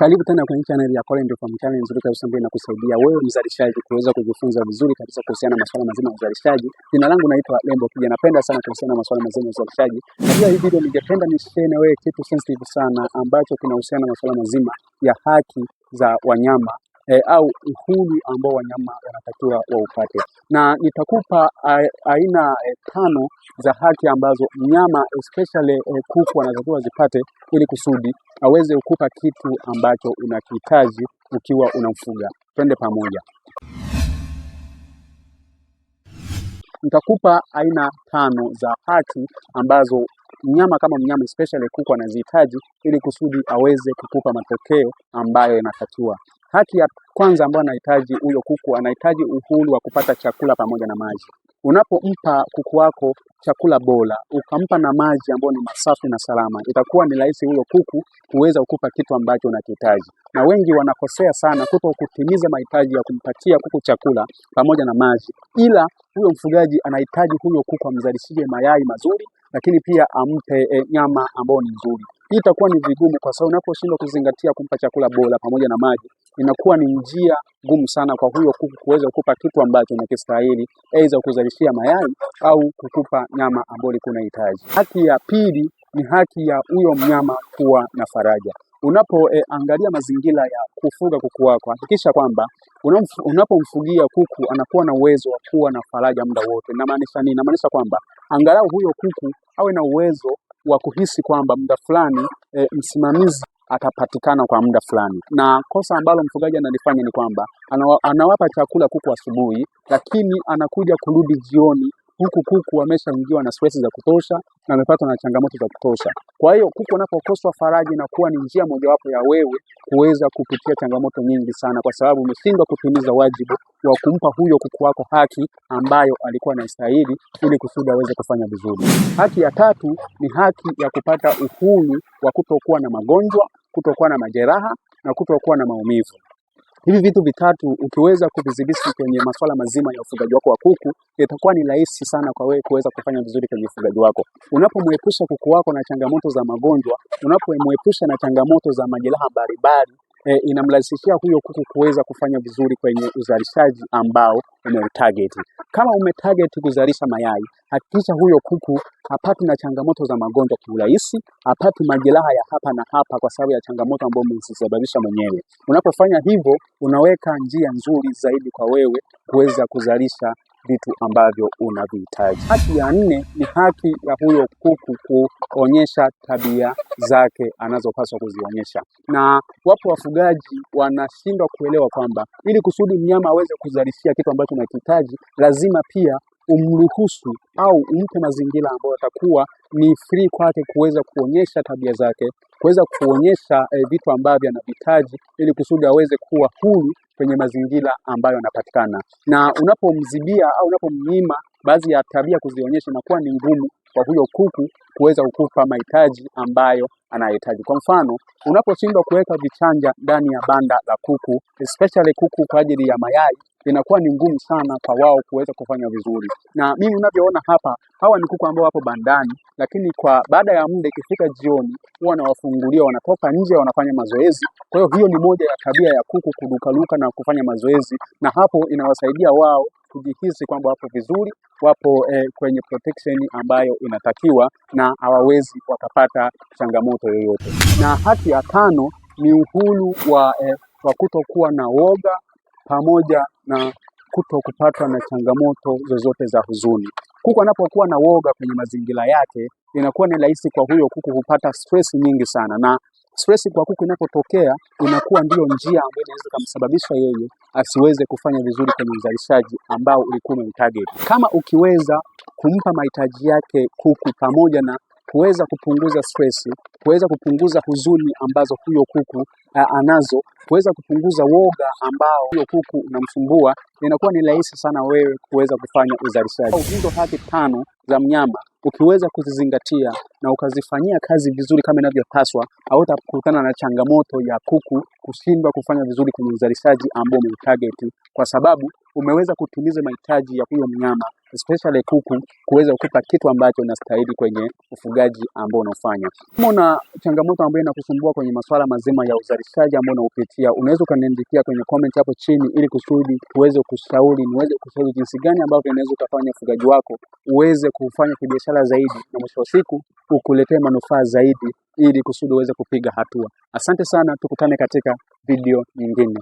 Karibu tena kwenye channel ya Colin Farm, channel nzuri kabisa ambayo inakusaidia wewe mzalishaji kuweza kujifunza vizuri kabisa kuhusiana na masuala mazima ya uzalishaji. Jina langu naitwa Lembo Kija, napenda sana kuhusiana na masuala mazima ya uzalishaji. Na pia hii video ningependa ni share na wewe kitu sensitive sana ambacho kinahusiana na masuala mazima ya haki za wanyama eh, au uhuru ambao wanyama wanatakiwa waupate, na nitakupa aina eh, tano za haki ambazo mnyama especially eh, kuku anatakiwa zipate, ili kusudi aweze kukupa kitu ambacho unakihitaji ukiwa unamfuga. Twende pamoja, nitakupa aina tano za haki ambazo mnyama kama mnyama especially kuku anazihitaji ili kusudi aweze kukupa matokeo ambayo yanatakiwa. Haki ya kwanza ambayo anahitaji huyo kuku, anahitaji uhuru wa kupata chakula pamoja na maji. Unapompa kuku wako chakula bora, ukampa na maji ambayo ni masafi na salama, itakuwa ni rahisi huyo kuku kuweza kukupa kitu ambacho unakihitaji. Na wengi wanakosea sana kuto kutimiza mahitaji ya kumpatia kuku chakula pamoja na maji, ila huyo mfugaji anahitaji huyo kuku amzalishie mayai mazuri, lakini pia ampe e, nyama ambayo ni nzuri. Hii itakuwa ni vigumu, kwa sababu unaposhindwa kuzingatia kumpa chakula bora pamoja na maji, inakuwa ni njia ngumu sana kwa huyo kuku kuweza kukupa kitu ambacho unakistahili, aidha kuzalishia mayai au kukupa nyama ambayo ulikuwa unahitaji. Haki ya pili ni haki ya huyo mnyama kuwa na faraja. Unapoangalia eh, e, mazingira ya kufuga kuku wako, hakikisha kwamba unapomfugia kuku anakuwa na uwezo wa kuwa na faraja muda wote. Namaanisha nini? Namaanisha kwamba angalau huyo kuku awe na uwezo wa kuhisi kwamba muda fulani e, msimamizi atapatikana kwa muda fulani. Na kosa ambalo mfugaji analifanya ni kwamba anawapa chakula kuku asubuhi, lakini anakuja kurudi jioni huku kuku wameshaingiwa na stress za kutosha na amepatwa na changamoto za kutosha. Kwa hiyo kuku wanapokoswa faraja, inakuwa ni njia mojawapo ya wewe kuweza kupitia changamoto nyingi sana, kwa sababu umeshindwa kutimiza wajibu wa kumpa huyo kuku wako haki ambayo alikuwa anastahili ili kusudi aweze kufanya vizuri. Haki ya tatu ni haki ya kupata uhuru wa kutokuwa na magonjwa, kutokuwa na majeraha na kutokuwa na maumivu. Hivi vitu vitatu ukiweza kuvidhibiti kwenye masuala mazima ya ufugaji wako wa kuku, itakuwa ni rahisi sana kwa wewe kuweza kufanya vizuri kwenye ufugaji wako. Unapomwepusha kuku wako na changamoto za magonjwa, unapomwepusha na changamoto za majeraha mbalimbali e, inamrahisishia huyo kuku kuweza kufanya vizuri kwenye uzalishaji ambao umetarget. Kama umetarget kuzalisha mayai, hakikisha huyo kuku hapati na changamoto za magonjwa kiurahisi, hapati majeraha ya hapa na hapa kwa sababu ya changamoto ambayo umezisababisha mwenyewe. Unapofanya hivyo, unaweka njia nzuri zaidi kwa wewe kuweza kuzalisha vitu ambavyo unavihitaji. Haki ya nne ni haki ya huyo kuku kuonyesha tabia zake anazopaswa kuzionyesha, na wapo wafugaji wanashindwa kuelewa kwamba ili kusudi mnyama aweze kuzalishia kitu ambacho unakihitaji, lazima pia umruhusu au umpe mazingira ambayo atakuwa ni free kwake kuweza kuonyesha tabia zake, kuweza kuonyesha eh, vitu ambavyo anavihitaji ili kusudi aweze kuwa huru kwenye mazingira ambayo anapatikana, na unapomzibia au unapomnyima baadhi ya tabia kuzionyesha, inakuwa ni ngumu kwa huyo kuku kuweza kukupa mahitaji ambayo anahitaji. Kwa mfano, unaposhindwa kuweka vichanja ndani ya banda la kuku, especially kuku kwa ajili ya mayai, inakuwa ni ngumu sana kwa wao kuweza kufanya vizuri. Na mimi unavyoona hapa, hawa ni kuku ambao wapo bandani, lakini kwa baada ya muda ikifika jioni, huwa wanawafungulia wanatoka nje, wanafanya mazoezi. Kwa hiyo hiyo ni moja ya tabia ya kuku kudukaluka na kufanya mazoezi, na hapo inawasaidia wao kujihisi kwamba wapo vizuri, wapo eh, kwenye protection ambayo inatakiwa na hawawezi wakapata changamoto yoyote. Na haki ya tano ni uhuru wa eh, wa kutokuwa na woga pamoja na kuto kupatwa na changamoto zozote za huzuni. Kuku anapokuwa na woga kwenye mazingira yake, inakuwa ni rahisi kwa huyo kuku kupata stress nyingi sana, na stress kwa kuku inapotokea inakuwa ndiyo njia ambayo inaweza kumsababisha yeye asiweze kufanya vizuri kwenye uzalishaji ambao ulikuwa umemtarget. Kama ukiweza kumpa mahitaji yake kuku pamoja na kuweza kupunguza stress, kuweza kupunguza huzuni ambazo huyo kuku uh, anazo, kuweza kupunguza woga ambao huyo kuku unamsumbua, inakuwa ni rahisi sana wewe kuweza kufanya uzalishaji. Hizo haki tano za mnyama ukiweza kuzizingatia na ukazifanyia kazi vizuri kama inavyopaswa, hautakutana na changamoto ya kuku kushindwa kufanya vizuri kwenye uzalishaji ambao umeutarget, kwa sababu umeweza kutumiza mahitaji ya huyo mnyama especially kuku kuweza kukupa kitu ambacho unastahili kwenye ufugaji ambao unafanya. Kama una changamoto ambayo inakusumbua kwenye masuala mazima ya uzalishaji ambao unaupitia, unaweza ukaniandikia kwenye comment hapo chini, ili kusudi tuweze kushauri, niweze kushauri jinsi gani ambavyo unaweza ukafanya ufugaji wako uweze kufanya kibiashara zaidi, na mwisho wa siku ukuletee manufaa zaidi, ili kusudi uweze kupiga hatua. Asante sana, tukutane katika video nyingine.